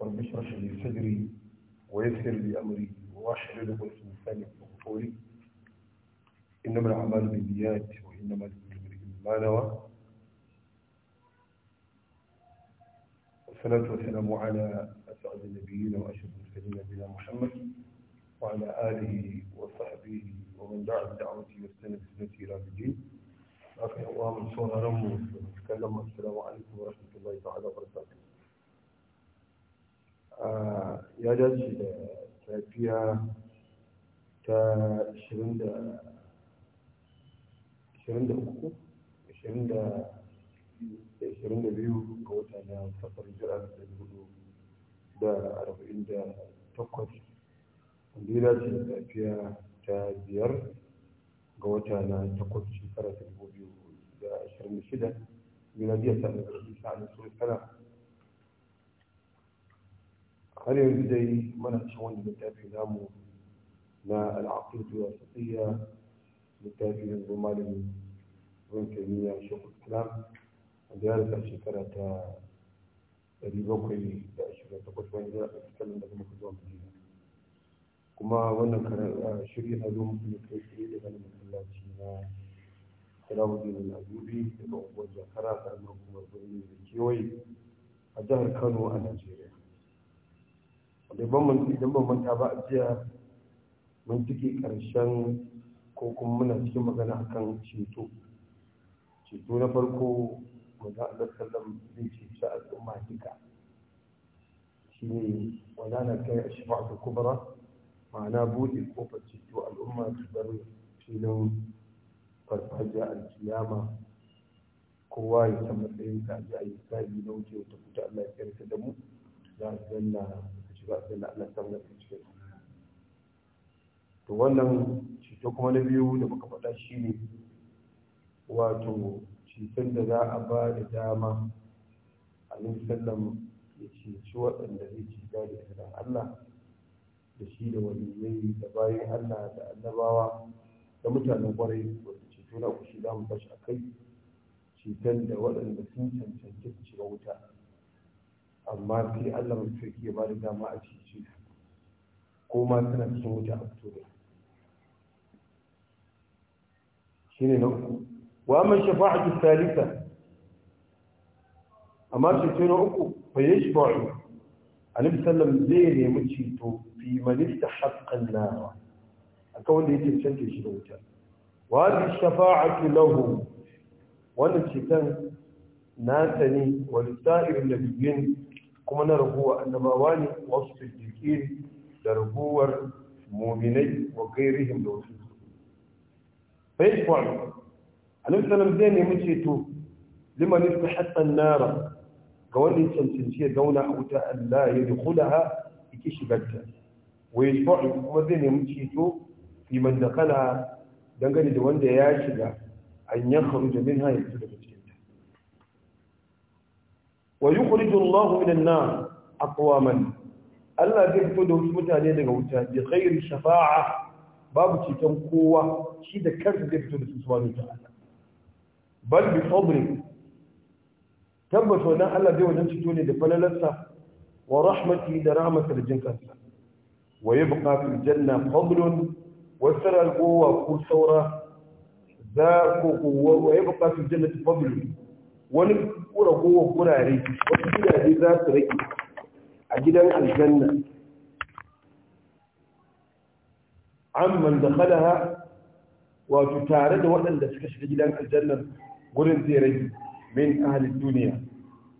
رب اشرح لي صدري ويسر لي أمري واحلل عقدة من لساني يفقهوا إنما الأعمال بالنيات وإنما لكل امرئ ما نوى والصلاة والسلام على أسعد النبيين وأشرف المرسلين نبينا محمد وعلى آله وصحبه ومن دعا بدعوته واستنى بسنته إلى الدين لكن الله من صورة رمو السلام عليكم ورحمة الله تعالى وبركاته ya dace da safiya ta 23 22 ga wata na safar jirar da hudu da arba'in da wanda ya dace da safiya ta biyar ga wata na takwas shekara ta dubu biyu da da miladiyar ta da ƙarfi sa'adar sun har yanzu dai muna cikin wani littafi namu na al'aqidatu wa saqiya littafi yanzu malamin ibn taymiya shekul islam a ziyarar shekara ta 728 wani jira a cikin da kuma zuwa madina kuma wannan shirya na zo muku ne kai tsaye daga nan masallaci na Salahuddin na ayyubi daga unguwar Jakara karamar hukumar birni da kewaye a jihar Kano a Najeriya da ban idan ban manta ba a jiya mun cike karshen ko kuma muna cikin magana akan ceto ceto na farko manzo Allah sallam zai cece al'umma duka shine wala na kai ashfa'atu kubra ma'ana buɗe kofar ceto al'umma su bar filin farfajiya alkiyama kowa ya san matsayin ka ji a yi sabi na wuce wata fita Allah ya karka da mu za a zanna ba sai da Allah cikin to wannan ceto kuma na biyu da muka faɗa shi ne wato cikin da za a ba da dama a nan sallam ya ceci waɗanda zai ci da idan Allah da shi da waliyai da bayan Allah da annabawa da mutanen kwarai wanda ceto na kushi za mu tashi a kai cikin da waɗanda sun cancanci su shiga wuta amma sai Allah mai sarki ya ba da dama a cikin su ko ma suna cikin wuta a fito da shi ne na uku wa amma shafa'atu salisa amma ceto na uku fa yashba'u annabi sallam zai nemi ceto fi man istahaqqan nar akan wanda yake cancanta shi da wuta wa bi shafa'atu lahu wannan ceton nasa ne wa lisa'ir nabiyyin kuma na raguwa annabawa ne wasu siddiqi da raguwar mu'minai wa ghairihim da wasu fa yashfa'u annabi sallallahu alaihi wasallam zai to liman istahatta an-nara ga wanda ya cancanci ya zauna a wuta Allah ya dukkulaha yake shigarta wa yashfa'u kuma zai nemi ceto fi man dakala dangane da wanda ya shiga an yakhruja minha ya fita daga ويخرج الله من النار أقواما الله يفتده المتالي لك بخير شفاعة بابك تنقوة شيدة كرس يفتده سبحانه وتعالى بل بفضله تبت ونا الله دي وجنش توني دي فللسة ورحمتي درامة الجنكة ويبقى في الجنة فضل وسر القوة كل ثورة ذاك ويبقى في الجنة فضل ونبقى Kura kowa gurare wasu gidaje za su rage a gidan aljanna amman da khalaha wato tare da waɗanda suka shiga gidan aljannan gurin zai rage min ahalin duniya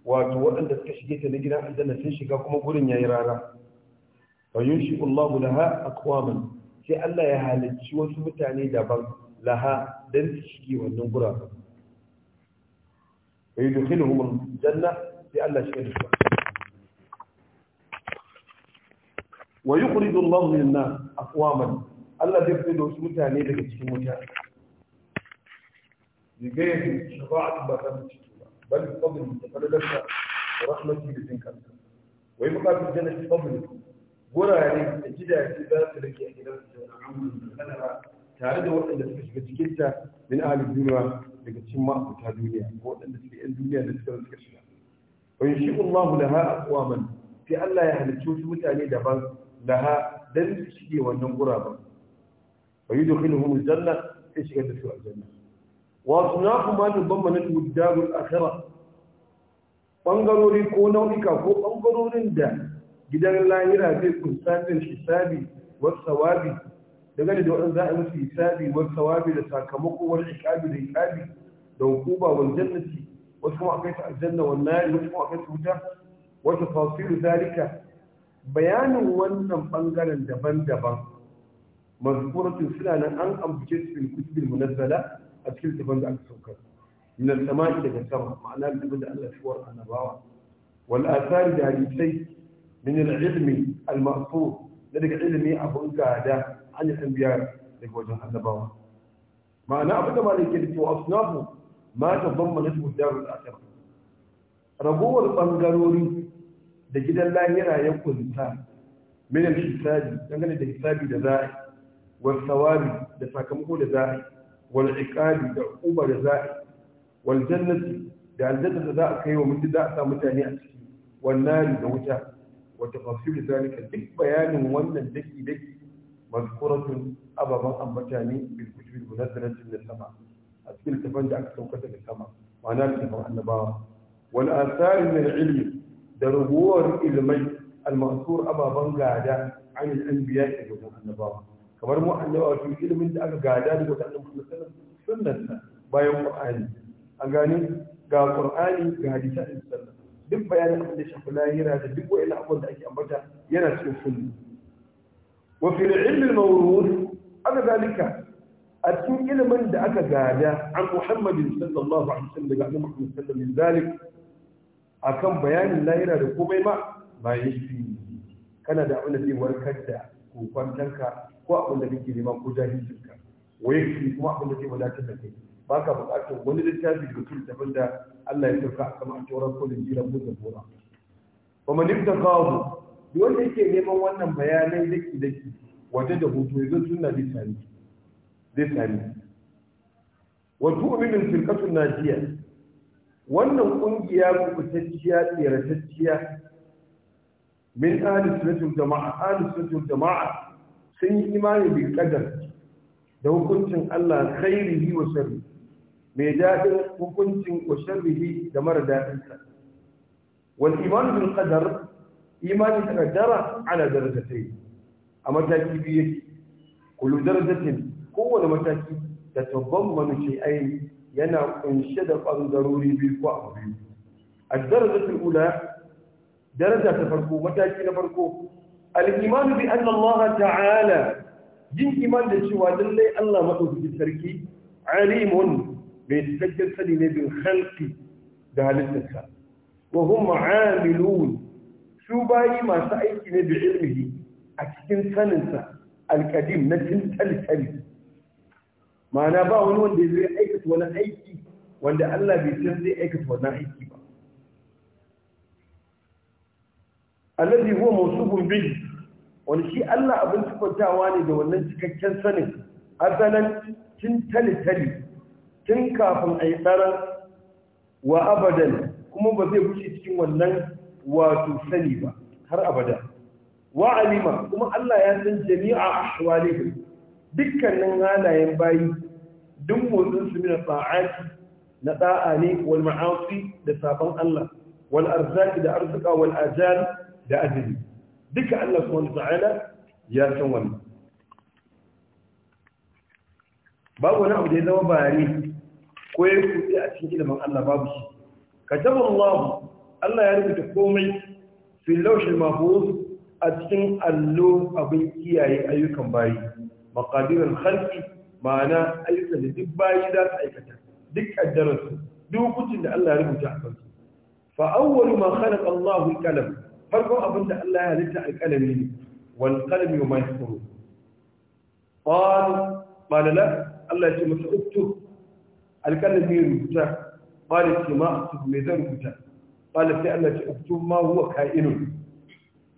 wato waɗanda suka shige ta na gidan aljanna sun shiga kuma gurin ya yi rara fa yunshi Allahu laha aqwaman sai Allah ya halicci wasu mutane daban laha don su shige wannan guraren فيدخلهم الجنة لألا شيء ويخرج الله من الناس أقواما الله يفضل اسمتها نيبك لكي لقيه شفاعة بكام الشتولة بل بفضل تفلدك ورحمتي بذنك ويبقى في الجنة بفضل برا يعني تجد اعتبار لك يعني لا من خلالها tare da waɗanda suka shiga cikin ta min ahalin duniya daga cikin ma'abuta duniya ko waɗanda suke yan duniya da suka suka shiga wani shi Allah laha aqwaman sai Allah ya halicci wasu mutane daban laha dan su shige wannan guraben wa yudkhiluhum janna sai shiga da su aljanna wa sunahu ma tadammanatu darul akhirah bangarori ko nau'ika ko bangarorin da gidan lahira zai kunsa din hisabi wasu sawabi dangane da waɗanda za a musu hisabi wal sawabi da sakamako wal iqabi da iqabi da hukuma wal jannati wasu kuma akai su aljanna wal nari wasu kuma akai su wuta wa tafsiru zalika bayanin wannan bangaren daban-daban mazkuratu suna nan an ambace su fil kutubil munazzala a cikin tafan da aka saukar min al-sama'i daga sama ma'ana da Allah shi war annabawa wal athari da hadisai min al-ilmi al-ma'thur daga ilmi abun gada an al-anbiya daga wajen annabawa ma'ana abin da malai ke da cewa asnafu ma ta zamma na tuhu darul akhir ragowar bangarori da gidan lahira ya kunta min al-hisabi dangane da hisabi da za'i wal thawabi da sakamako da za'i wal iqabi da uba da za'i wal jannati da aljanna da za a kai wa mutum za a sa mutane a ciki wannan da wuta wata tafsir zalika duk bayanin wannan daki daki مذكورة أبا ما أمتاني بالكتب المنزلة من السماء أسكيل كفان جاء كتوكة للسماء وأنا أكتب أن با والآثار من العلم دروور المي المأثور أبا من قادة عن الأنبياء يقول أن با كبر مو أن في علم أنت أبا قادة يقول أن محمد سنة سنة عليه با يوم قرآني أقاني قا سنة سنة حديثة السنة دب يعني أحمد الشيخ لا يرى هذا دب وإلا أقول لأي أمرتها يرى سنة وفي العلم الموروث أنا ذلك أتون إلى من دعك قادة عن محمد صلى الله عليه وسلم قال محمد صلى الله عليه وسلم ذلك أكم بيان الله إلى ركوبي ما ما يشفي كان دعونا في وركدة وفنتنك وأقول لك كلمة وجاهزك ويكفي كما أقول لك ولا تبكي ba ka buƙatar wani littafi da tun tafin da Allah ya sauka a sama a tauran ko da jiran duk wanda yake neman wannan bayanai daki daki waje da hoto ya zo sunna zai sami zai sami wa tu'minu firqatun najiya wannan kungiya kubutacciya tsiratacciya min ahli sunnatul jama'a ahli sunnatul jama'a sun yi imani bil qadar da hukuncin Allah khairihi wa sharri mai daɗin hukuncin wa sharrihi da mara daɗinsa. Wani wal iman bil qadar إيماني تقدر على درجتين أما تاكيبية كل درجة قوة لما تاكيب تتضمن شيئين ينا انشد القرن ضروري بالقوة الدرجة الأولى درجة تفرقو متاكي نفرقو الإيمان بأن الله تعالى جن إيمان لشوى دلي الله مقود بالتركي عليم بيتفكر سليم بالخلق ده لسنسا وهم عاملون su bayi masu aiki ne da ilmihi a cikin saninsa alkadim na cin tali-tali ma'ana ba wani wanda zai aikata wani aiki wanda Allah bai san zai aikata wani aiki ba allazi huwa masu bihi wani shi Allah abin sifantawa ne da wannan cikakken sanin asalan tun talitali tun kafin a wa abadan kuma ba zai wuce cikin wannan wato sani ba har abada wa alima kuma Allah ya san jami'a ahwalihim dukkanin halayen bayi duk motsin su min ta'ati na da'a ne wal ma'asi da saban Allah wal arzaki da arzika wal ajal da ajali duka Allah subhanahu ta'ala ya san wannan babu wani abu da ya zama bayani ko ya kuɗi a cikin ilimin Allah babu shi kataballahu Allah ya rubuta komai fil lawhil mahfuz a cikin allo abin kiyaye ayyukan bayi maqadirul khalqi ma'ana ayyukan da duk bayi za su aikata duk kaddararsu duk hukuncin da Allah ya rubuta a kansu fa awwalu ma khalaqa Allah al-qalam farkon abin da Allah ya halitta al-qalami ne wal qalam yuma yasuru qal qala Allah ya ce masa uktub al-qalami rubuta qala ma aktub me zan rubuta qala sai Allah ce uktum ma huwa ka'inun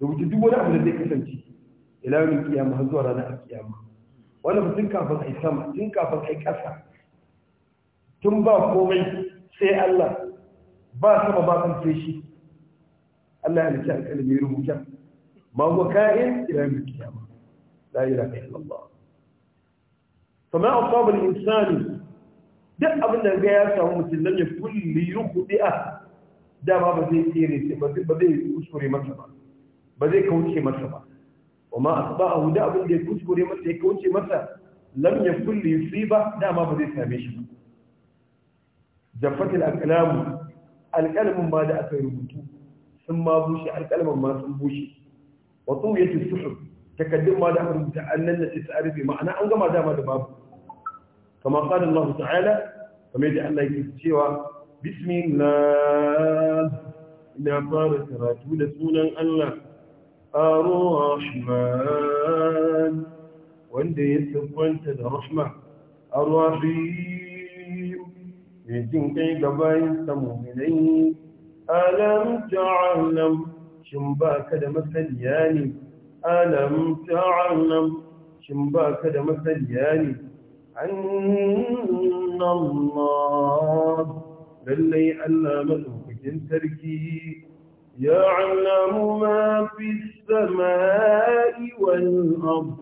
rubuta duk wani abu da zai kasance ila yawmin qiyamah har zuwa ranar qiyama wannan mutum kafin ai sama tun kafin ai kasa tun ba komai sai Allah ba sama ba kan sai Allah ya lissa alƙalmi rubuta ma huwa ka'in ila yawmin qiyamah la ilaha illallah فما أصاب الإنسان duk abin da ga ya samu mutum lam yakul li yukhdi'a dama ba zai tsere ba zai kuskure masa ba ba zai kauce masa ba amma asba'ahu da abin da ya kuskure masa ya kauce masa lam yakul li ba dama ba zai same shi ba jaffatil aqlamu alqalamin ba da aka rubutu sun ma bushe alqalamin ma sun bushe wa tuyatu suhuf takaddum ma da aka rubuta annan da ta arifi ma'ana an gama da babu Allah ta'ala kamar yadda Allah cewa بسم الله نبارك رسول سونا الله الرحمن وندي سبحان تد رحمة الرحيم يجين كي جباي سمومني ألم تعلم شمبا كذا مثل ياني ألم تعلم شمبا كذا مثل ياني أن الله فلي علام الوحج تركيه يا علام ما في السماء والأرض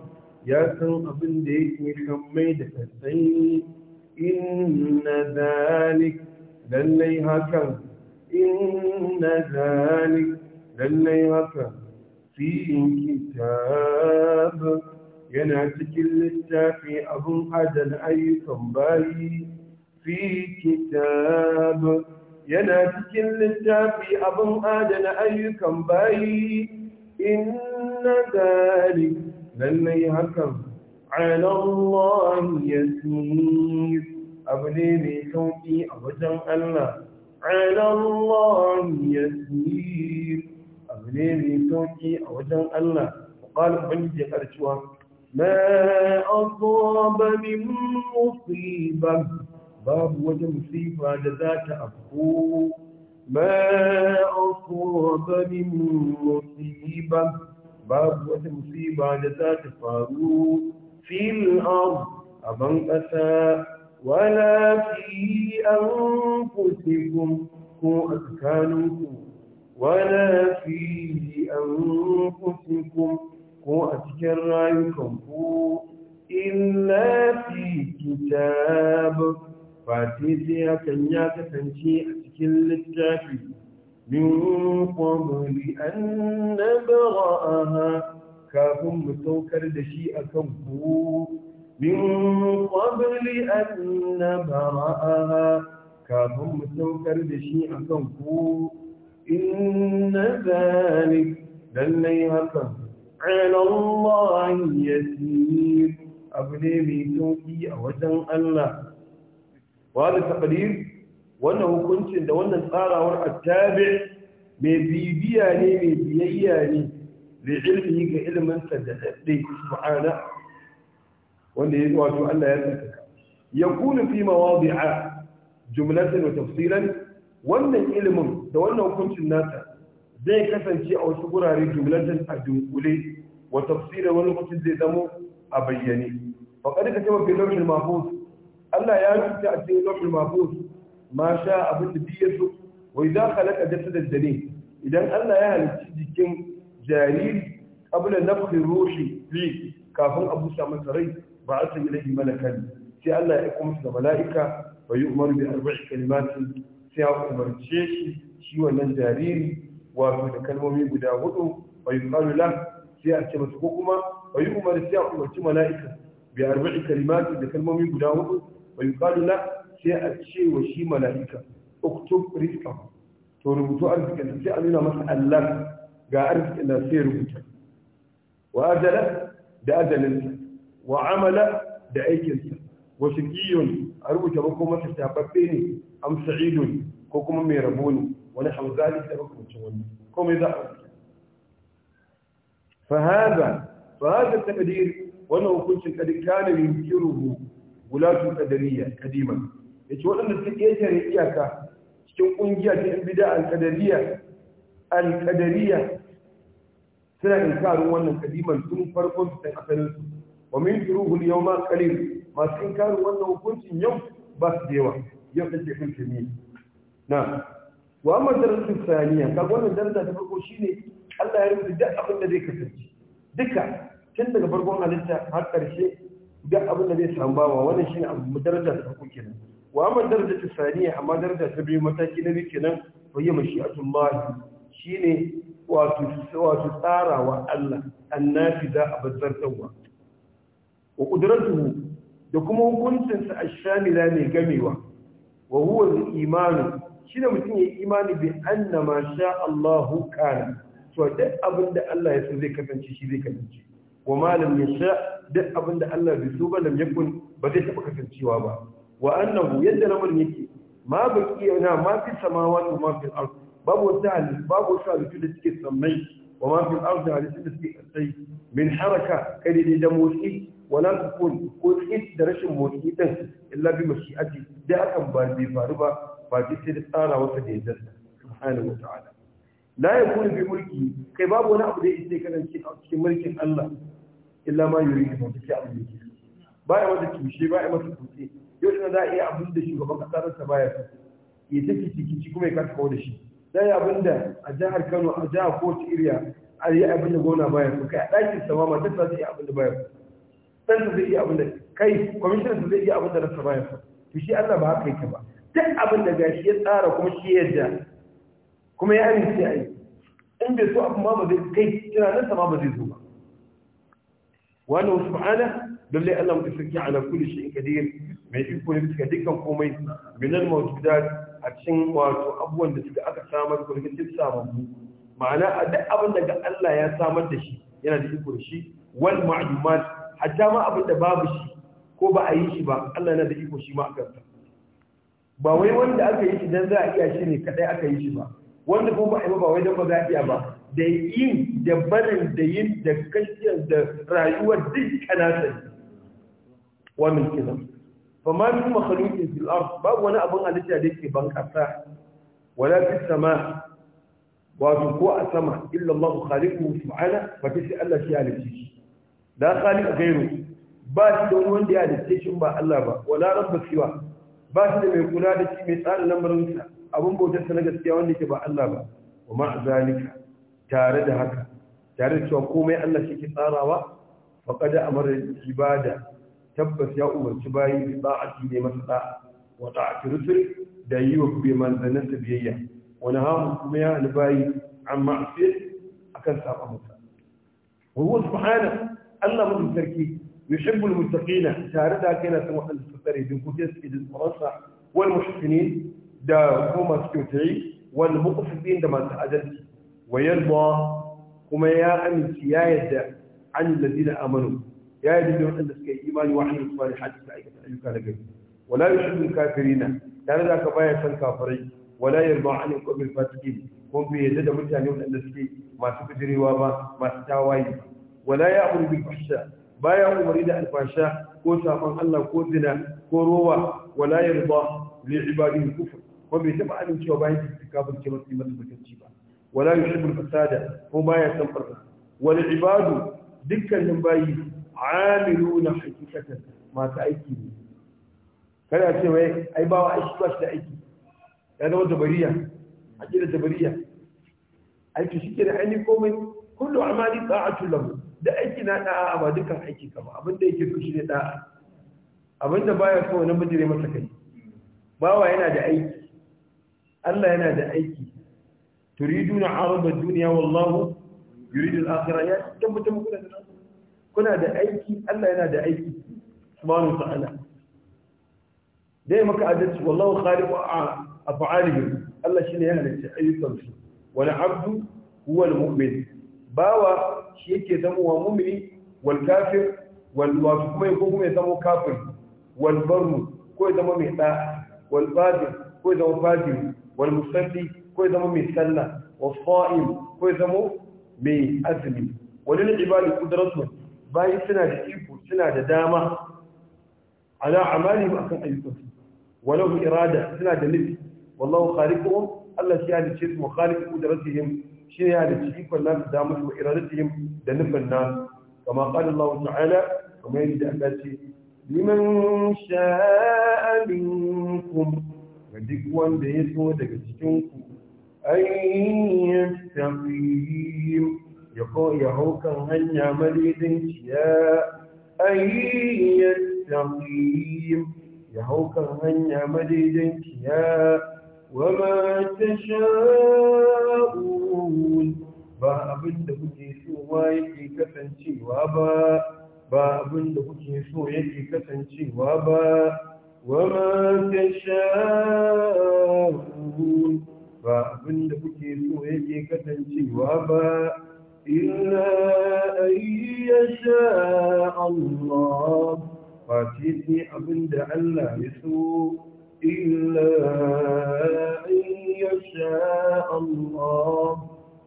يا سرقب ديك محمد حسين إن ذلك للي هكا إن ذلك للي هكا في كتاب يناتك اللي في أبو حدا أي صنبالي fi kitab yana cikin littafi abin adana ayyukan bayi inna zalik lallai hakan ala Allah yasir abu ne mai sauƙi a wajen Allah ala Allah yasir abu ne mai sauƙi a wajen Allah قال بني جكر ما أصاب من مصيبة babu wata musifa da za ta afko ma asaba min musiba babu wata musiba da za ta faru fil a ban ƙasa wala fi anfusikum ko a tsakaninku wala fi anfusikum ko a cikin rayukanku illa fi kitab fati sai hakan ya kasance a cikin littafi min kwamuli an na bara'aha kafin mu saukar da shi a kan ku min kwamuli an na bara'aha kafin mu saukar da shi a kan ku inna zalik lallai hakan ala yasir abu ne mai sauki a wajen Allah wani taɓarir wannan hukuncin da wannan tsarawar attabi mai bibiya ne mai biyayya ne da ilmi ga ilminsa da daɗe ma'ana wanda ya yi wato Allah ya tsaka ya kunu fi mawadi'a jumlatan da tafsiran wannan ilimin da wannan hukuncin nasa zai kasance a wasu gurare jumlatan a dunkule wa tafsilan wani lokacin zai zamo a bayyane faqad kataba fi lawhil mahfuz الله يا جنت أتي لوح المحفوظ ما شاء أبد بيته وإذا خلق جسد الدليل إذا الله يا جنت كم جارير قبل نفخ روحي لي كافون أبو سامة ري بعث إليه ملكا في الله يقوم في الملائكة ويؤمر بأربع كلمات سي أمر الشيش شيوة من جارير وفي كلمة من ويقال له سي أتي مسكوكما ويؤمر سي أمر الملائكة بأربع كلمات لكلمة من بداوته ويقال لا سيء الشيء وشي ملائكة اكتب رزقه تربطوا أرزك أن تسأل هنا مسأل لك جاء أرزك أن سيء ربطه وأجل بأجل أنت وعمل بأيك أنت وشقي أربك بكم تستحببيني أم سعيد كوكم ميربوني ونحو ذلك لكم تشغلني كومي إذا فهذا فهذا التقدير وانه كنت قد كان ينكره gulatu kadariya kadima yace waɗanda ta ƙetare iyaka cikin ƙungiya ta yan bid'a al-qadariyya al-qadariyya suna wannan kadiman tun farkon su asalin su wa min turuhu al-yawma qalil masu karin wannan hukuncin yau ba su yawa yau take hulkumi na wa amma darasin saniya ka wannan darasa ta farko shine Allah ya rubuta duk abin da zai kasance duka tun daga farkon halitta har ƙarshe duk abin da zai samu bawa wannan shine abu daraja ta farko kenan wa amma daraja ta saniya amma daraja ta biyu mataki na biyu kenan fa yi mashi'atullah shine wato wato tsarawa Allah annafida abazzartawa wa qudratuhu da kuma hukuncinsa ash-shamila mai gamewa wa huwa al-imanu shine mutum yayi imani bi anna sha Allahu kana to duk abin da Allah ya so zai kasance shi zai kasance wa malam ya sha duk abin da Allah bai so ba lam yakun ba zai taɓa kasancewa ba wa annahu yadda lamarin yake ma baki na ma fi samawati wa ma fi al-ard babu wata halittu babu wata halittu da suke sammai wa ma fi al-ard da halittu da suke kasai min haraka kai dai da motsi wala sukun ko tsit da rashin motsi din illa bi mashi'ati da hakan ba bai faru ba ba ji sai da tsara wata da yadda subhanahu wa ta'ala la yakunu bi mulki kai babu wani abu da yake kasance a cikin mulkin Allah illa ma yuri da mutum sai abin da yake ba ya wata tushe ba ya wata tushe yau na za a iya abin da shugaban kasa ransa ba ya so ya ta kici kuma ya kasa kawo da shi da ya abin da a jihar kano a jihar kowace iriya a yi abin da gona ba ya kai a ɗakin sama ma ta zai iya abin da ba ya san su zai iya abin da kai su zai iya abin da rasa ba ya to shi allah ba haka yake ba duk abin da gashi ya tsara kuma shi yadda kuma ya amince a yi in bai so abin ma ba zai kai tunanin ma ba zai zo ba Wani wannan subhana lalle Allah mu sarki ala kulli shay'in qadir mai iko ne bisa dukkan komai minal mawjudat a cikin wato abubuwan da suka aka samar ko daga cikin sababbu ma'ana a duk abin da Allah ya samar da shi yana da iko da shi wal ma'lumat hatta ma abin da babu shi ko ba a yi shi ba Allah yana da iko shi ma akan ba wai wanda aka yi shi dan za a iya shi ne kadai aka yi shi ba wanda kuma ba a yi ba wai dan ba za a iya ba da yin da barin da yin da kashiyar da rayuwar duk kanata wa min kinan fa ma min makhluqin fil ard babu wani abun halitta da yake ban kasa wala fi sama wato ko a sama illa Allah khaliquhu subhana fa kace Allah shi halitta shi da khaliq gairu ba shi da wanda ya halitta shi ba Allah ba wala rabbu siwa ba shi da mai kula da shi mai tsara lamarinsa abin bautar sa na gaskiya wanda ke ba Allah ba wa ma zalika tare da haka tare da cewa komai Allah shi ke tsarawa kada amara ibada tabbas ya umarci bayi bi ba'ati ne masa da wa ta'ati rusul da yi wa bi manzanin biyayya wa na hamu kuma ya albayi an ma'asi akan saba masa wa huwa subhanahu Allah mutum sarki يحب din ku كنا idin tsaronsa wal إذن da kuma su هما wal والمقفدين da masu adalci wa kuma ya amince ya yadda an ladina amanu ya yadda da waɗanda suka yi imani wa hanyar suwari hajji da aikata ayyuka na gari wala yi shi kafirina tare da aka baya san kafirai wala yarda an yin kwamin fasikin ko bai yadda da mutane waɗanda suke masu bijirewa ba masu tawaye wala ya amuru bil fahsha baya umari da alfasha ko safan Allah ko zina ko rowa wala yi yarda li ibadihi kufr ko bai taɓa amincewa bayan kafirce masu yi masu mutunci ba ولا يحب الفساد هو ما يتنفر والعباد دكا نباي عاملون حقيقة ما تأكيد كان أسيما أي باوا أيش باش تأكيد هذا هو الزبرية عجلة الزبرية أي تشكر أني قومي كل أعمالي طاعة لهم da aiki na da'a ba dukkan aiki ka ba abinda yake kushi ne da'a abinda baya so wani mijire masa kai bawa yana da aiki Allah yana turiduna arda dunya wallahu yuridu al-akhirah ya tabbata muku kuna da aiki Allah yana da aiki subhanahu wa ta'ala dai maka adalci wallahu khaliqu af'alihi Allah shine ya halitta ayyukansu wal abdu huwa al bawa shi yake zama wa mu'mini wal kafir wal wasu kuma ko kuma ya zama kafir wal barru ko ko wal musalli كويزا ممي سلة وصائم كويزا مو مي أزمي ولين العبادة قدرة باي سنة جيكو سنة دامة على أعمالي وأكن أيكوس وله إرادة سنة جنب والله خالقهم الله سيادة شيء مخالق قدرتهم شيء هذا جيكو الله دامة وإرادتهم دنف الناس كما قال الله تعالى وما يجد أباتي لمن شاء منكم ودكوان بيسو دكتشنكم an yastaqim hanya maridinciya an yastaqim ya hau kan hanya maridinciya wama tasha'un ba abin kuke so ma yake kasancewa ba ba abin da kuke so yake kasancewa ba wama tasha'un ba abinda kuke so yake kasancewa ba illa ayyasha Allah face ne abinda Allah ya so illa ayyasha Allah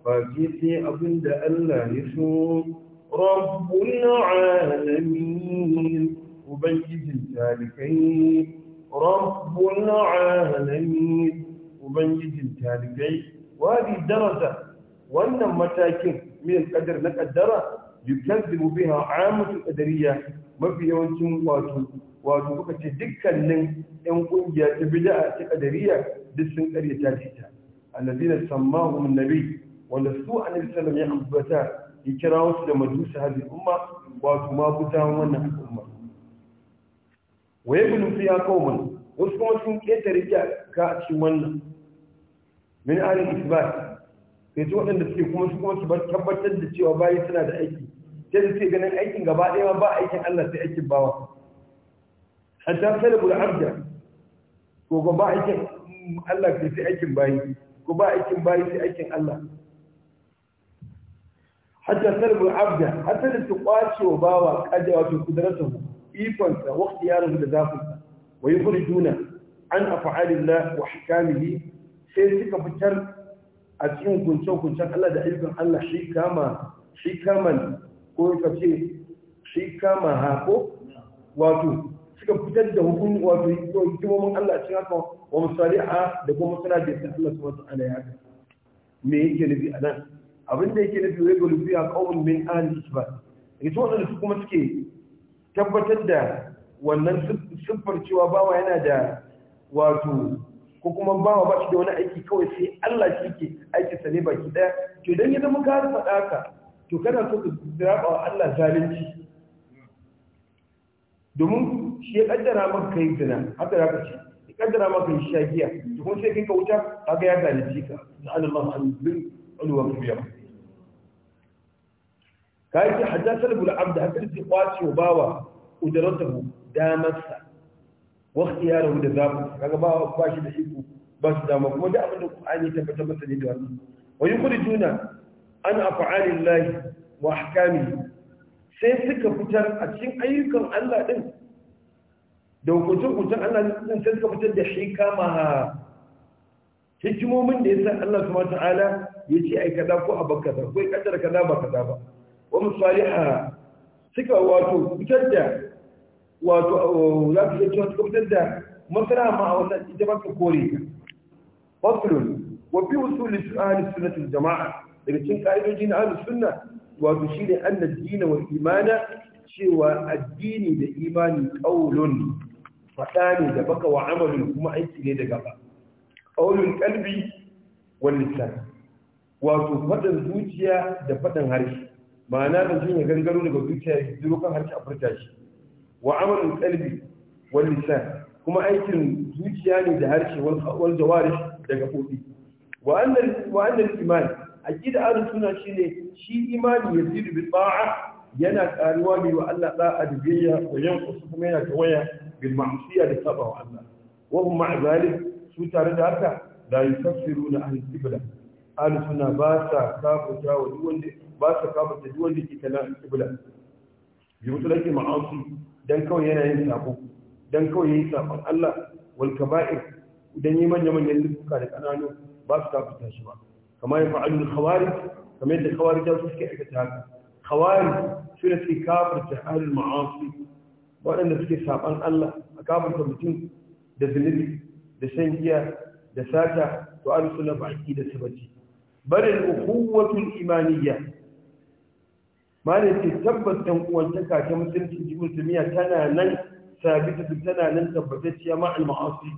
face ne abinda Allah ya so rabbul alamin ubangijin talikai rabbul alamin ubangijin talibai wadi daraja wannan matakin min kadar na kaddara yukazzibu biha amatu qadariyya mafi yawancin wato wato kuka ce dukkanin yan ƙungiya ta bid'a ta qadariyya duk sun karyata ta alladina sammahu annabi wanda su annabi sallallahu ya ambata ya kira wasu da majusa hadin umma wato ma buta wannan umma wa yabnu fiha qauman wasu kuma sun ƙetare ka a cikin wannan min alin isbat kai su waɗanda suke kuma su kuma su tabbatar da cewa bayi suna da aiki sai da suke ganin aikin gaba ɗaya ba aikin Allah sai aikin bawa hatta bude abda ko ba aikin Allah sai sai aikin bayi ko ba aikin bayi sai aikin Allah hatta salabul abda hatta da su kwace wa bawa kaje wato kudratu ikonsa waqti yaron da zafin wa yukhrijuna an af'alillah wa ahkamihi sai suka fitar a cikin kunce-kuncen Allah da ayyukan Allah shi kama shi kaman ko ka shi kama hako wato suka fitar da hukun wato hikimomin Allah cikin haka wa musali'a da kuma suna da Allah su wasu ala ya me yake nufi a nan abinda yake nufi wai a kawun min ahli isbat su kuma suke tabbatar da wannan siffar cewa bawa yana da wato ko kuma bawa ba shi da wani aiki kawai sai Allah shi ke aiki sa ne baki daya to idan yanzu muka ka faɗa ka to kana so ka zaba wa Allah zalunci domin shi ya kaddara maka kai zina haka da kace, ce ya kaddara maka shi shagiya to kun sai kin ka wuta kaga ya zalunci ka sallallahu alaihi wa sallam alwa kubiya kai ki hajjatul abd haka ki kwaci wa bawa udaratahu damarsa wakti ya rahu da zaɓu kaga ba ba shi da iko ba su dama kuma da abin da Qur'ani tabbatar masa ne da wannan wa juna. an af'alillahi wa ahkamihi sai suka fitar a cikin ayyukan Allah din da hukuncin Allah din sai suka fitar da hikama hikimomin da ya san Allah subhanahu ta'ala ya ce ai kaza ko abaka kaza ko kaddara kaza ba kaza ba wa musaliha suka wato fitar da wato eh, za su cewa suka da masana ma a wannan ita ba su kore ta fasulun wa bi usuli ahli sunnatul jama'a daga cin ka'idoji na ahli sunna wato ne anna dina wa imana cewa addini da imani qaulun faɗa ne da baka wa amalin kuma aiki ne da gaba qaulul ƙalbi wani lisan wato fadan zuciya da fadan harshe ma'ana da jin ya gangaro daga zuciya ya zuro kan harshe a furta shi وعمل القلب واللسان كما أيضاً زوجياني يعني دهارشي والجوارش دهقودي وأن وأن الإيمان أكيد هذا سنة شيء شيء إيمان يزيد بالطاعة ينك أنوامي وألا لا أدبية وينقص منها كوية بالمعصية لتبع الله وهم مع ذلك شو تعرض هذا لا يكفرون أهل القبلة أهل سنة باسا كابو تاو دوان دي باسا كابو تاو دي كتنا القبلة يقول لك معاصي dan kawai yana yin sako dan kawai yi sakon Allah walkaba'ir kaba'ir dan yi manya manyan lukuka da kananu ba su kafita shi ba kamar ya fa'alu khawarij kamar yadda khawarij su suke aikata haka khawarij su ne suke kafirta ahlul waɗanda suke saban Allah a kafinta mutum da zunubi da shan giya da sata to an suna baki da sabaci barin ukhuwatul imaniya. malin ce tabbas ɗan uwantaka ta musulunci ibn taymiya tana nan sabita tana nan tabbatacciya ma al ma'asi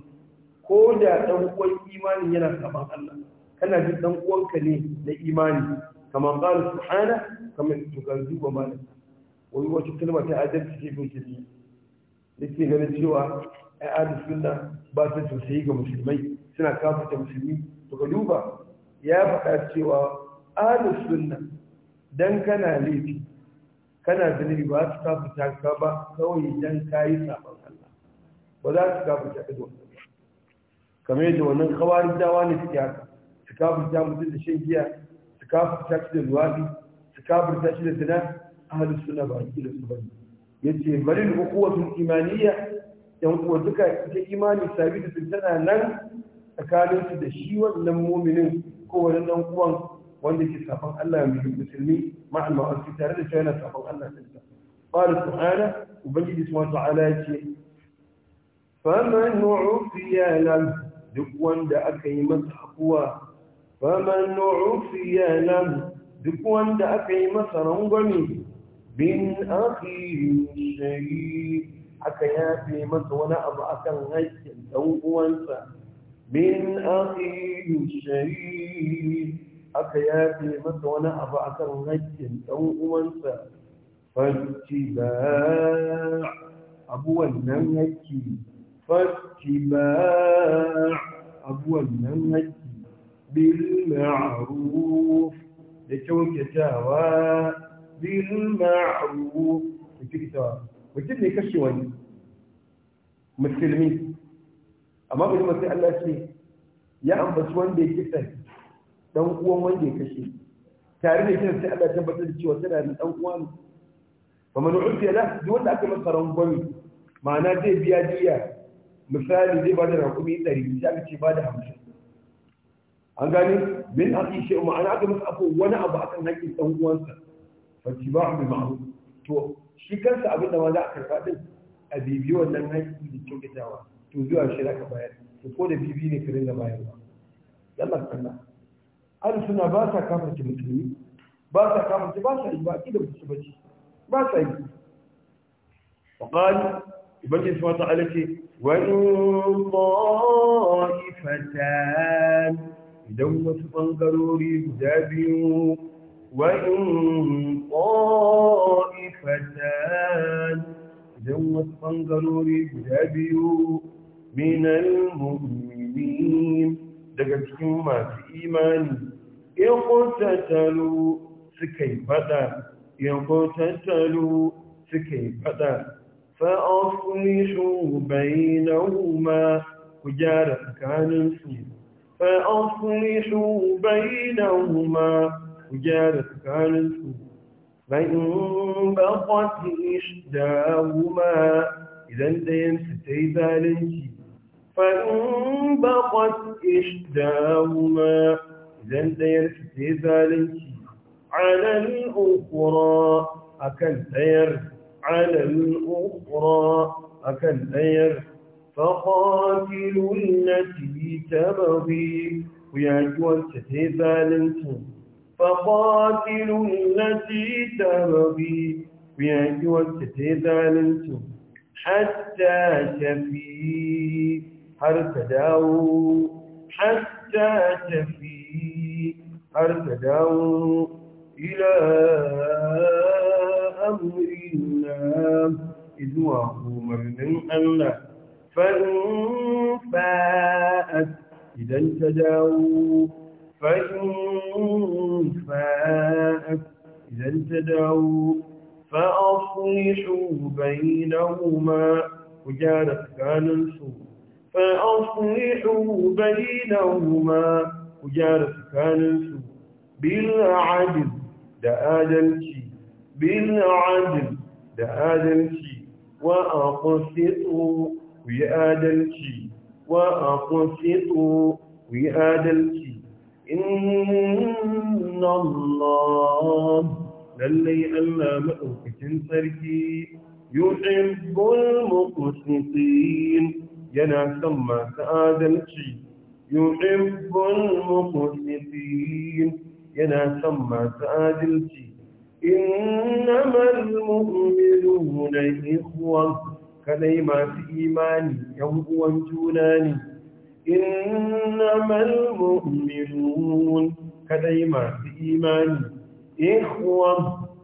ko da ɗan uwan imanin yana saman Allah kana jin ɗan uwanka ne na imani kamar su hana kamar tukanzu ba malin wani wata kalma ta adalci ce ibn da ke ganin cewa ai ahlus suna ba su tausayi ga musulmai suna kafa musulmi to ka duba ya faɗa cewa ahlus suna dan kana laifi kana zunubi ba su ta ka ba kawai dan kayi sabon Allah ba za su kafuta ka da wannan kamar yadda wannan kawari dawa ne suke haka su ta mutum da shan giya su ta shi da luwaɗi su kafuta shi da zina suna ba ki da su bane yace bari da kuwatul imaniya yan uwa duka ita imani sabita tana nan tsakaninsu da shi wannan muminin ko wannan dan uwan wanda ke safan Allah musulmi ma'al ma'asi tare da cewa yana safan Allah ɗinsa قال تعالى وبنجي سبحانه وتعالى فمن عفي له duk wanda aka yi masa akuwa faman nu'fi lam duk wanda aka yi masa rangwami bin akhihi shari aka yafe masa wani abu akan haƙƙin dan uwansa bin akhihi shari aka yafe masa wani abu akan haƙƙin ɗan uwansa fasti ba abu nan haƙƙi fasti ba abu nan haƙƙi bil da kyautatawa bil da kyautatawa mutum ne kashe wani musulmi amma bai sai Allah ce ya ambaci wanda ya kisan dan uwan wanda ya kashe tare da shi sai Allah ya tabbatar da cewa tana dan uwa ne fa man ufiya la duk wanda aka masa rangwami ma'ana zai biya diya misali zai bada rakumi 100 sai aka ce bada 50 an gane min haƙi shi ma'ana aka masa abu wani abu akan haƙin dan uwansa fa tiba'u bi ma'ruf to shi kansa abin da ma za a karɓa din a bibiyo wannan haƙi da kyautatawa to zuwa shi za ka bayar ko da bibi ne ka ringa bayarwa yalla kallon alsuna ba sa kafarci musulmi ba sa kafarci ba sa yi ba ƙi da musu bace ba sa yi wa ƙali ibanci su mata alaƙe wani ƙa'ifatan idan wasu ɓangarori guda biyu wani ƙa'ifatan idan wasu ɓangarori guda biyu minal mu'minin daga cikin masu imani in kotattalu suka yi fada in kotattalu suka yi fada fa'afulishu bainahuma ku gyara tsakaninsu fa'afulishu bainahuma ku gyara tsakaninsu bayan bakwati huma idan su ta yi zalunci فانبقت إحداهما إذن دير ذلك على الأخرى أكن سير على الأخرى أكن سير فقاتل التي تبغي ويا جوان ذلك فقاتل التي تبغي ويا جوان ذلك حتى تفيه ارتداوا حتى تفي ارتداوا الى امر الله اذ وهو من الله فاءت اذا فان فاءت اذا ارتداوا فاصلحوا بينهما وجعلت كان الصور فأصلحوا بينهما وجار سكانسو بالعدل da adalci bin adil da adalci wa a ku yi adalci wa a ku yi adalci inna Allah lallai Allah maɗaukacin sarki yuhibbul muqsitin yana son masu adalci yuhibbul muqsitin yana son masu adalci innamal mu'minuna ikhwan kadai masu imani yan uwan juna ne innamal mu'minun kadai masu imani ikhwan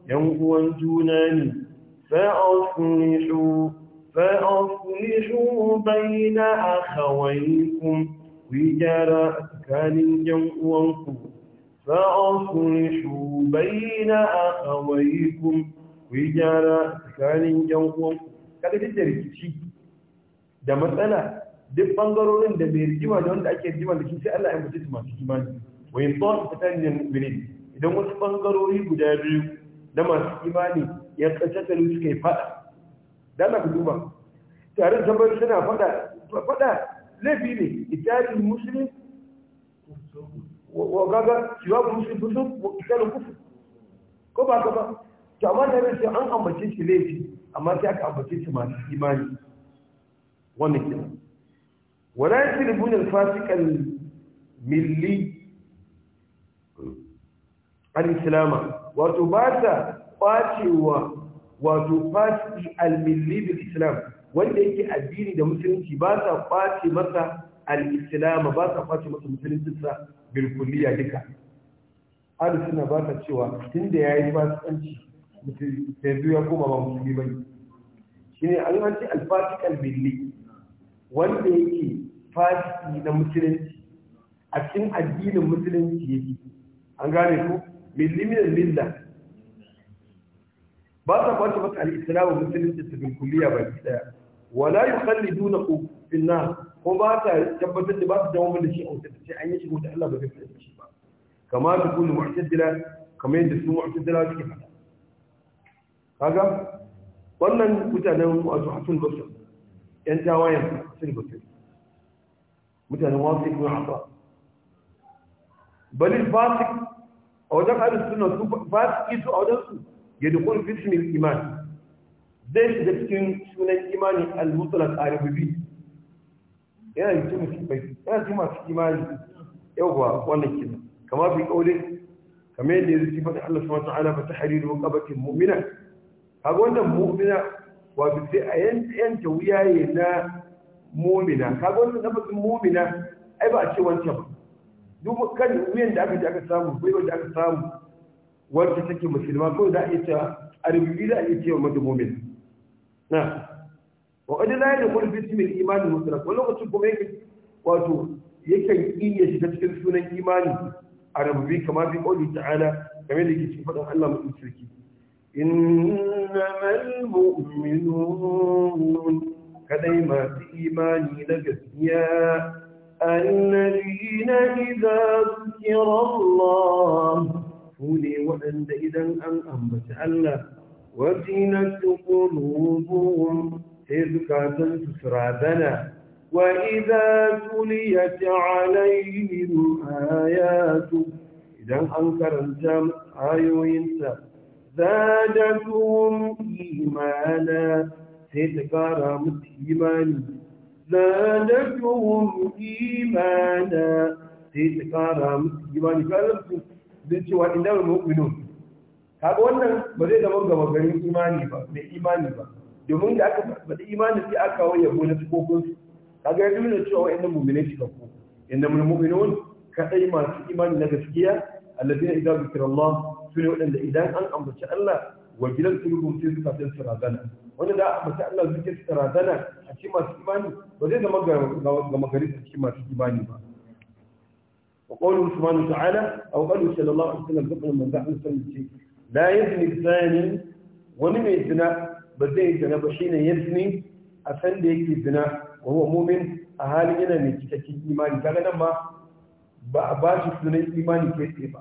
yan uwan juna ne fa'aslihu فأصلحوا بين أخويكم وجراء كان الجمع جنوانكم فأصلحوا بين أخويكم وجراء كان جنوانكم kada duk da rikici da matsala duk bangarorin da mai rigima da wanda ake rigima da shi sai Allah ya mutu su masu imani wa in tsawon fatan ne mu'minin idan wasu bangarori guda biyu na masu imani ya kasance suka yi fada da Allah ku duba tare da tambayoyi suna fada fada laifi ne itali muslim wa gaga shiwa muslim fusuk itali kufu ko ba ka ba to amma da yake an ambace shi laifi amma sai aka ambace shi masu imani wannan kenan wala yasribuna al milli al-islama wato ba ta kwacewa wato fasiki almilli bil islam wanda yake addini da musulunci ba sa kwace masa al-islam ba sa kwace masa sa bil kulliya duka ahli sunna ba ta cewa tunda yayi fasikanci yanzu ya koma ba musulmi bane shine al hanci al-fasik al-milli wanda yake fasiki na musulunci a cikin addinin musulunci yake an gane ko milli min milla بعض الأخوات بس على الإسلام ومثل أنت في الكلية بس ولا يخلدونك في النار هو بس تبت اللي بس دوم اللي شيء أو تبتشي أي شيء قلت إلا بس في الشيء بس كما تكون معتدلة كما يدسون معتدلة كيف هذا هذا ولا قلت أنا أجوح في البشر أنت وين في البشر قلت أنا واثق من عطاء بل الفاسق أو ذاك هذا السنة فاسق أو ذاك yadkhul fi ismi al-iman zai shiga cikin sunan imani al-mutlaq al-rububi yana cikin musulmai yana cikin masu imani yawwa wannan kina kama fi kaulin kamar yadda ya zuci faɗin Allah subhanahu ta'ala fa tahriru qabatin mu'mina kaga wannan mu'mina wato sai a yanta wuyaye na mu'mina kaga wannan lafazin mu'mina ai ba a ce wancan ba duk kan wuyan da aka ji aka samu bai wanda aka samu wacce take musulma ko da a iya cewa arbi da za iya cewa mata mumin na wa wani na yadda kuma bismil imanin mutlaq wa lokacin kuma yake wato yake iya shiga cikin sunan imani a kamar bi ƙoli ta'ala kamar da yake cikin faɗin allah mutum sarki innamal mu'minun كدي ما imani إيماني gaskiya الذين إذا ذكر الله su ne waɗanda idan an ambaci Allah wasinat qulubuhum sai zukatan su radana wa idza tuliyat alaihim ayatu idan an karanta ayoyinsa zadatuhum imana sai ta kara musu imani zadatuhum imana sai ta kara musu imani kalmar zai cewa inda mai mu'minu kaga wannan ba zai zama gaba garin imani ba mai imani ba domin da aka faɗi imani sai aka kawo yabo na tukokun su kaga ya nuna cewa wa'annan mu'minai shi kanku inda mai mu'minun kadai masu imani na gaskiya alladina idan zikira Allah sune waɗanda idan an ambaci Allah wa gidan kulubun sai suka san su wanda da ambaci Allah zikir su razana a cikin masu imani ba zai zama gama gari a cikin masu imani ba وقوله سبحانه وتعالى أو قالوا صلى الله عليه وسلم ذكر من ذاك نسلم لا يزني الزاني ولم يزنا بزي زنا بشين يزني أسن ديك زنا وهو مؤمن أهالي هنا من كتاكي إيماني كان ما بأباش سنة إيماني كيف ba.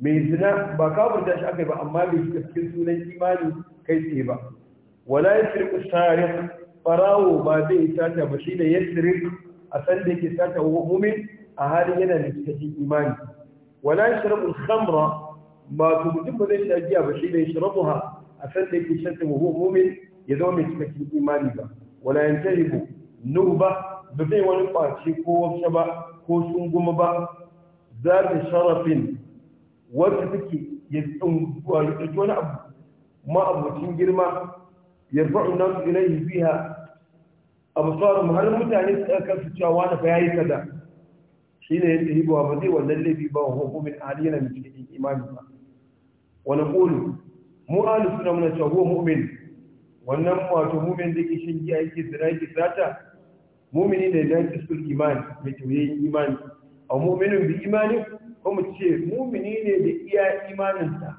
mai zina ba kafin da shi aka yi ba amma bai shiga cikin sunan imani kai tsaye ba wala ya shirku sharif farawo ba zai sata ba shi da ya shirku a san da yake sata wa mumin a halin yana da cikakken imani wala ya al-khamra ba to mutum ba zai sha giya ba shi ne yashrabuha a san da yake shan ta huwa mu'min ya zama mai cikakken imani ba wala yantahibu Nuhu ba ba zai wani kwace ko wafsha ba ko sun goma ba za ta sharafin wata take ya ɗauki wani abu ma'abucin girma ya rufa'un nasu ilaihi biha a musamman har mutane su ɗaukar su cewa wani fa yayi kaza shi ne yadda hibawa ba zai wannan laifi ba wa hukumin aliyu na cikin imani ba wani Kulu, mu alu suna muna cewa mu'min wannan wato mu'min da ke shin yi aiki zina yake sata mu'mini da ya ci sul imani mai tauye imani a mu'minin bi imani ko mu ce mu'mini ne da iya imaninsa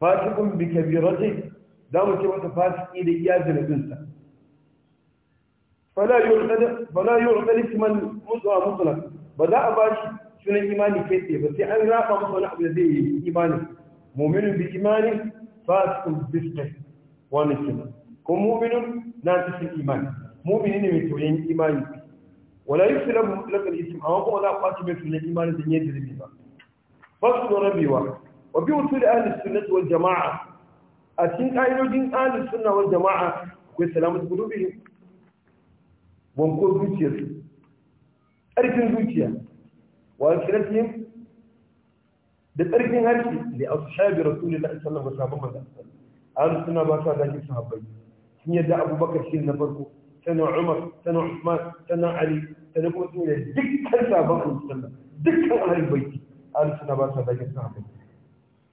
fasikun bi kabirati za mu ce masa fasiki da iya zinabinsa فلا يعترف من مطلق ba za a ba shi sunan imani kai tsaye ba sai an raba masa wani abu da zai yi imani mu'minun bi imani fasiqun bi fasiq wannan kenan ko mu'minun na cikin imani mu'mini ne mai toyen imani wala yi bi mutlaqal ism amma a za a kwaci mai sunan imani da yadda zai ba fasu rabewa wa bi da ahli suna wal jamaa a cikin ƙa'idojin ahli sunnah wal jamaa akwai salamatu gudubi wankon zuciyarsu ƙarfin zuciya wa alfiratihim da ƙarfin harshe da a shabi rasulullahi sallallahu alaihi wasallam ba an suna ba sa zaki sahabbai sun yadda abubakar shi na farko sana umar sana usman sana ali sana kuma sun yadda dukkan sabon alisallam dukkan ahalin baiti an suna ba sa zaki sahabbai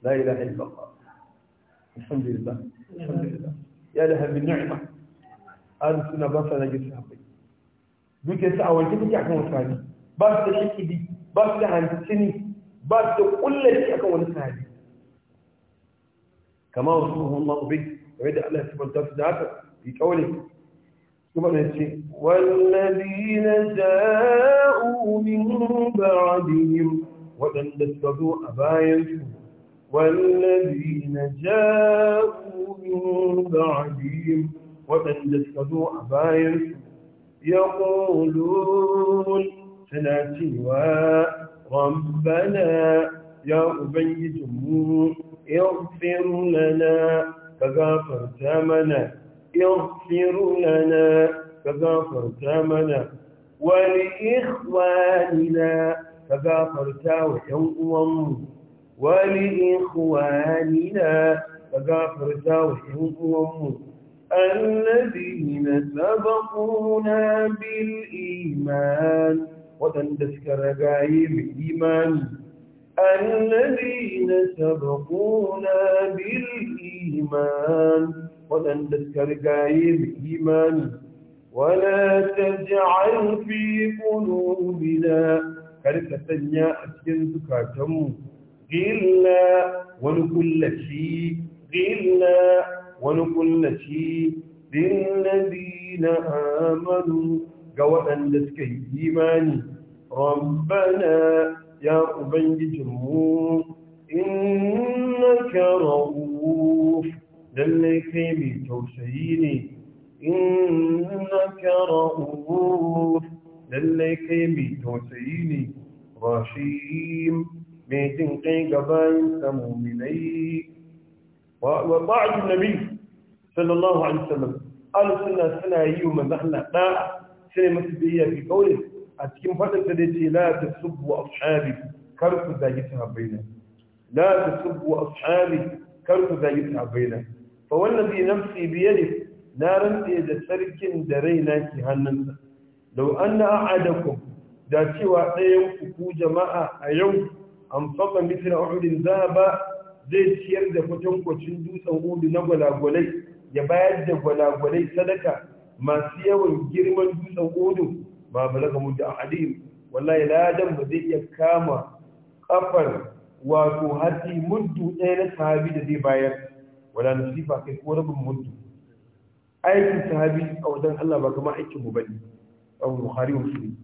la ilaha illallah alhamdulillah alhamdulillah ya laha min ni'ma an suna ba sa zaki sahabbai dukiyarsu a wanke take akan wasu sahabi ba su da shakidi ba su da hancini ba su da kullaci akan wani sahabi kama wasu muhammad ubin kamar da allah subhanahu wa da haka fi kaulin kuma da ce wallazina ja'u min ba'dihim waɗanda suka zo a bayansu wallazina ja'u min ba'dihim waɗanda suka zo a bayansu يقولون suna cewa rabbana ya ubangijinmu ighfir lana ka gafarta mana ighfir lana ka gafarta mana wa li ikhwanina ka gafarta wa ƴan uwanmu wa li ikhwanina ka gafarta wa الذين سبقونا بالإيمان وتندسك رجعي الإيمان الذين سبقونا بالإيمان وتندسك رجعي الإيمان ولا تجعل في قلوبنا كرسة سنيا أسكن سكاتم غلا ونقول لك غلا wani kullaci dillabina amadu ga waɗanda suka yi imani rabbana ya ubangijinmu innaka rauf lalle kai mai tausayi ne innaka kai mai tausayi ne rashim mai jin kai gabayin samuninai وطاعة النبي صلى الله عليه وسلم قالوا سنة سنة يوم نحن لا سنة مسبية في قوله أتكم فتن تديتي لا تسبوا أصحابي كرف ذاجتها بينا لا تسبوا أصحابي كرف ذاجتها بينا فوالذي نفسي بيده نارا إذا سرك درينا كهنم لو أن أعدكم ذاتي وعطيهم كو جماعة أيوم أنفق مثل أحد ذهب zai ciyar da kwatankwacin dutsen udu na gwalagwalai ya bayar da gwalagwalai sadaka masu yawan girman dutsen udu ba balaga mutu a hadin wallahi ladan ba zai iya kama kafar wato hati muddu ɗaya na sahabi da zai bayar wala nasifa kai ko rabin muddu aikin sahabi a wajen Allah ba kama aikin mu bane abu buhari wa muslim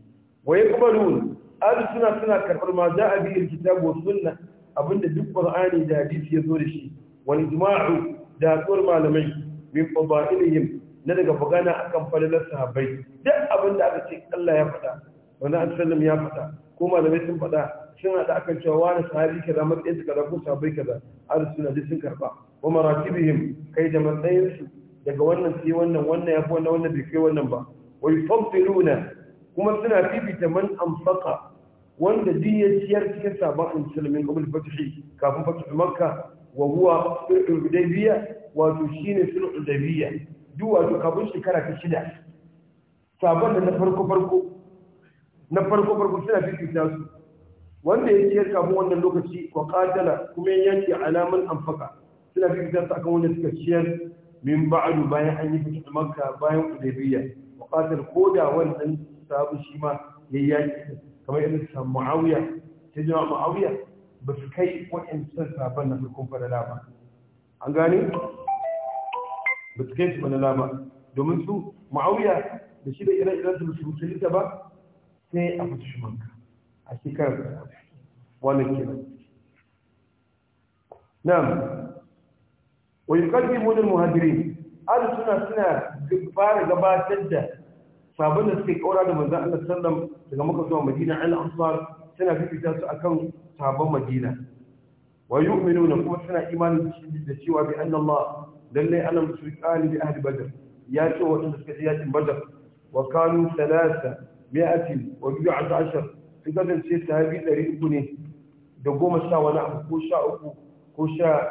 suna karbar ma za a biyar kitabu sunnah abinda duk qur'ani da hadisi ya zo da shi wal ijma'u da tsor malamai min fadailihim na daga bagana akan falalar sahabbai duk abinda aka ce Allah ya faɗa wannan sallam ya faɗa ko malamai sun faɗa sun haɗa akan cewa wani sahabi kaza matsayin kaza ko sahabbai kaza arsuna duk sun karba wa maratibihim kai da matsayin su daga wannan sai wannan wannan ya fi wannan wannan bai kai wannan ba wa yufaddiluna kuma suna fifita man amfaka wanda duk siyar cikin sabon annabi min fatihi kafin fatih makka wa huwa sulhul hudaybiya wato shine sulhul hudaybiya duk wato kafin shekara ta shida sabon da na farko farko na farko farko suna fifita su wanda ya ciyar kafin wannan lokaci wa qatala kuma ya yaki alaman anfaka suna fifita su akan wanda suka ciyar min ba'du bayan an yi fath makka bayan hudaybiya wa qatal koda wannan sabu shi ma yayyaki kamar irin san muawiya ta jima muawiya ba su kai waɗancan safan na farkon falala ba an gane ba su kai su falala ba domin su muawiya da shi da iran iran su su musulunta ba sai a fita manka a shekarar wannan nan. Nan, wa yuqaddimu lil muhajirin al sunna suna fara gabatar da sabon da suke kaura da manzan Allah sallam daga maka zuwa madina al ansar suna fifita su akan sabon madina wa yu'minuna kuma suna imanin da cewa bi anna Allah lalle ana mushrikani bi ahli badr ya ce wadanda suka je yakin badr wa kanu thalatha mi'atin wa bi'at ashar sun kasance sahabi ɗari uku ne da goma sha wani abu ko sha uku ko sha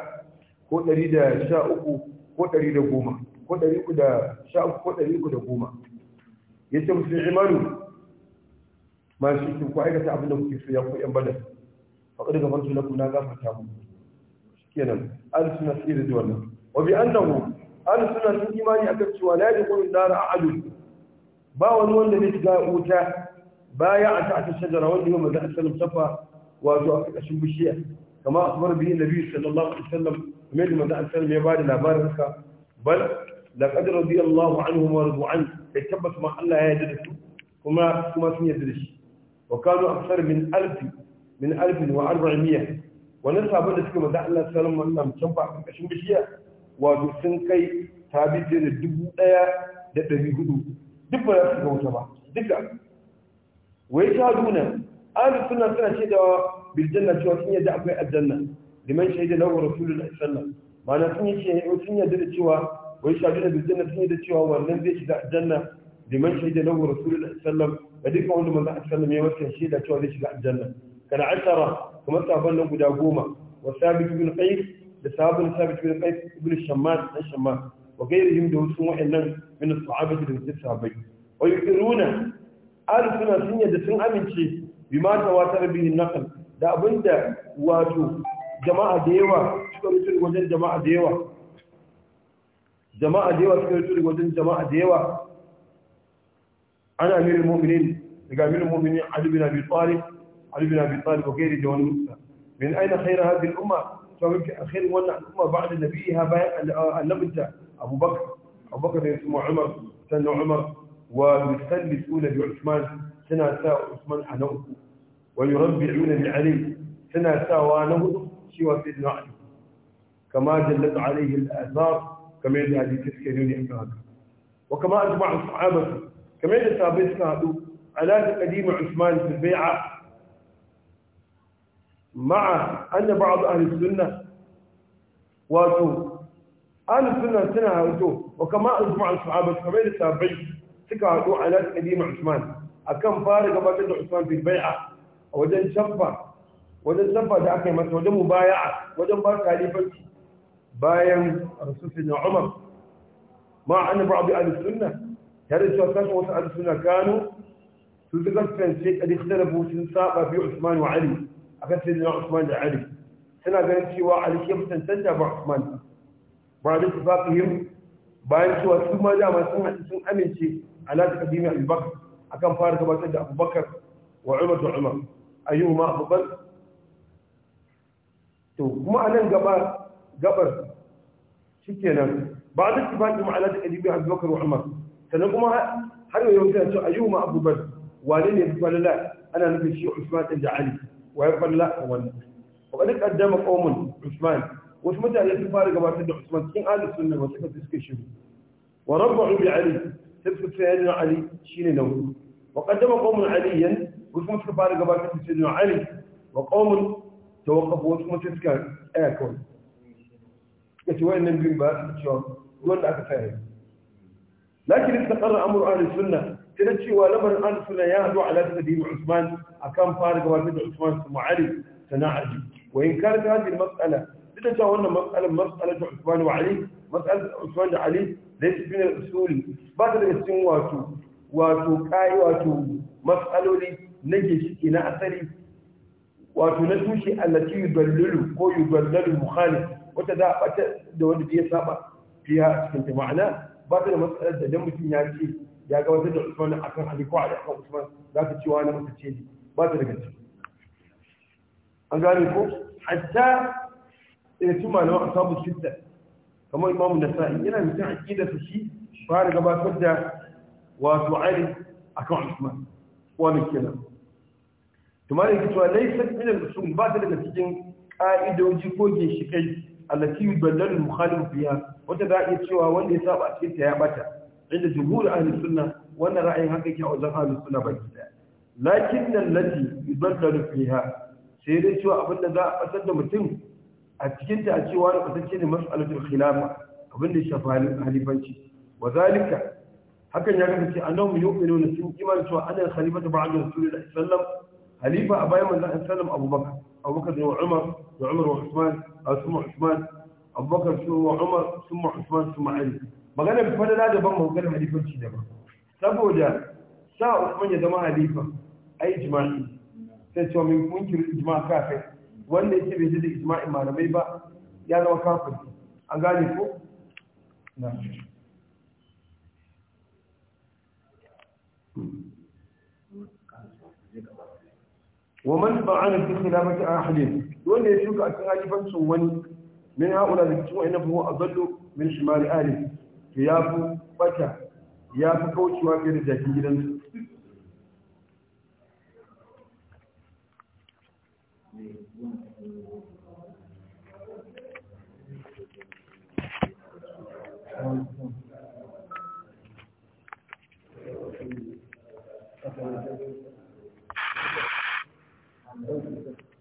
ko ɗari da sha uku ko ɗari da goma ko ɗari uku da sha uku ko ɗari uku da goma يتم في عمان ما شئتم قائدة عبد الله كيف يقوي أم بدأ فقد غفرت لكم ناقا فتاب كينا ألف نسير دولنا وبأنه في نسير إيمان أكبت ولا يقول النار أعد با ونوان لديك جاء أوتا با يعطى عطى الشجرة وانه يوم ذا السلم صفى وأدعو أشم بشيئة كما أخبر به النبي صلى الله عليه وسلم ومن ذا السلم يبالي لا بارك بل لقد رضي الله عنهم ورضوا عنه kai tabbas ma Allah ya yarda da su kuma kuma sun yarda da shi wa kanu aksar min alf min alf wa arba'miya Wani sabon da suka manzo Allah sallallahu alaihi wasallam can ba karkashin bishiya wato sun kai tabitin da dubu daya da dari hudu duk ba za su ga wuta ba duka wai ta duna ahli sunna suna ce da bil janna cewa sun yarda akwai aljanna liman shaida lahu rasulullahi sallallahu alaihi wasallam ma'ana sun yace sun yarda da cewa wai shaɗu da birjanna sun yi da cewa wannan zai shiga aljanna liman shaida lahu rasulullah sallam da duka wanda manzo sallam ya wasa shaida cewa zai shiga aljanna kana ashara kuma sabon nan guda goma wa sabit ibn qais da sabon sabit ibn qais ibn shammas da shammas wa gairihim da wasu wa'annan min as-sahabati da sahabbai wa yuqiruna ahli suna sun yadda sun amince bima tawatar bihi naql da abinda wato jama'a da yawa suka rubuta wajen jama'a da yawa jama'a da yawa suka rito wajen jama'a da yawa ana amirin mu'minin daga amirin mu'minin Ali bin Abi Talib Ali bin Abi Talib wakili da wani musa min aina khaira hadhihi al-umma to miki akhir wannan al-umma ba'da nabiha bayan annabta Abu Bakr Abu Bakr da Usman Umar sanna Umar wa yusallisuna bi Uthman sana sa Uthman anauku wa yurabbi'una bi Ali sana sa wa nahu shi wa sidna Ali kama jallat alayhi al-azab kamar yadda hadisi suke nuni a kan haka wa kama ajma'a sahabatu kamar yadda sahabbai suka hadu ala taqdim Usman bin bai'a ma'a anna ba'd ahli sunnah wato ahli sunnah suna hauto wa kama ajma'a sahabatu kamar yadda sahabbai suka hadu ala taqdim Usman akan fara gabatar da Usman bin bai'a wajen shabba wajen shabba da aka yi masa wajen mubaya'a wajen ba khalifanci bayan rasulun umar ma an ba'd al sunna tare da cewa wasu ahli sunna kanu su suka kasance kad ikhtalafu sun saba bi usman wa ali akan sayyidina usman da ali suna ganin cewa ali ke tantance da usman ba da tafaqihim bayan cewa su ma da masu haɗu sun amince ala ta al-bakr akan fara gabatar da abubakar wa umar da umar ayyuhu ma abubakar to kuma anan gaba gabar shikenan ba da tifaki ma'ana da kadibi abubakar wa umar sannan kuma har yau yana cewa ayyuma abubakar wane ne fi falala ana nufin shi usman ɗin da ali wa ya falala a wannan wa kadi kaddama qaumun usman wasu mutane sun fara gabatar da usman cikin ahlus sunna wasu kasu suka shiru wa rabba'u bi ali sai suka tsaya ali shine na hudu wa qaddama qaumun aliyan wasu suka fara gabatar da sayyidina ali wa qaumun tawaqqafu wasu suka tsaya kawai لكن استقر أمر أهل السنة تنشي ولا من أهل السنة يهدو على سديم عثمان أكان فارق وارد عثمان ثم علي سنا وإن كانت هذه المسألة لتتوانا مسألة مسألة عثمان وعلي مسألة عثمان وعلي ليس من الأسول بعد الاسم واتو واتو كاي واتو مسألة لي نجش إلى أثري واتو نجمشي التي يدلل كو يدلل مخالف wata za a bata da wanda ya saba fiya a cikin ta ma'ana ba ta da matsalar da dan mutum ya ce ya ga wata da Usman akan Ali ko da akan Usman za ta ce na masa ce ba ta daga ciki an gane ko hatta da su a asabu sitta kamar imamu da sa'in yana mutum aqida su shi fara gabatar da wato a kan Usman wannan kenan to malai kitwa laysa min al-usul ba ta daga cikin ka'idoji ko ginshikai allati yudallu mukhalif biha wata da iya cewa wanda ya saba cikin ta ya bata inda jumhur ahli sunna wannan ra'ayin haka yake a wajen ahli sunna baki daya lakin allati yudallu fiha sai dai cewa abinda za a fasar da mutum a cikin ta a cewa da kasance ne mas'alatul khilafa abinda ya shafa halifanci wa zalika hakan ya kasance annahum yu'minuna sun imani cewa annal khalifatu ba'da rasulullahi sallallahu alaihi wasallam halifa a bayan manzon sallam abubakar abubakar ne wa umar da umar wa usman a suma usman abubakar su wa umar suma usman suma ali magana fadala daban maganar halifanci daban saboda sa usman ya zama halifa ai jima'i sai cewa min munkir ijma' kafir wanda yake bai da ijma'in malamai ba ya zama kafir an gane ko na wa man ba'ana fi khilafati ahadin wanda ya shuka a cikin halifancin wani min haula da cikin wa'annan fa adallu min shimali ahli to ya fi bata ya fi kaucewa fiye da jakin gidansu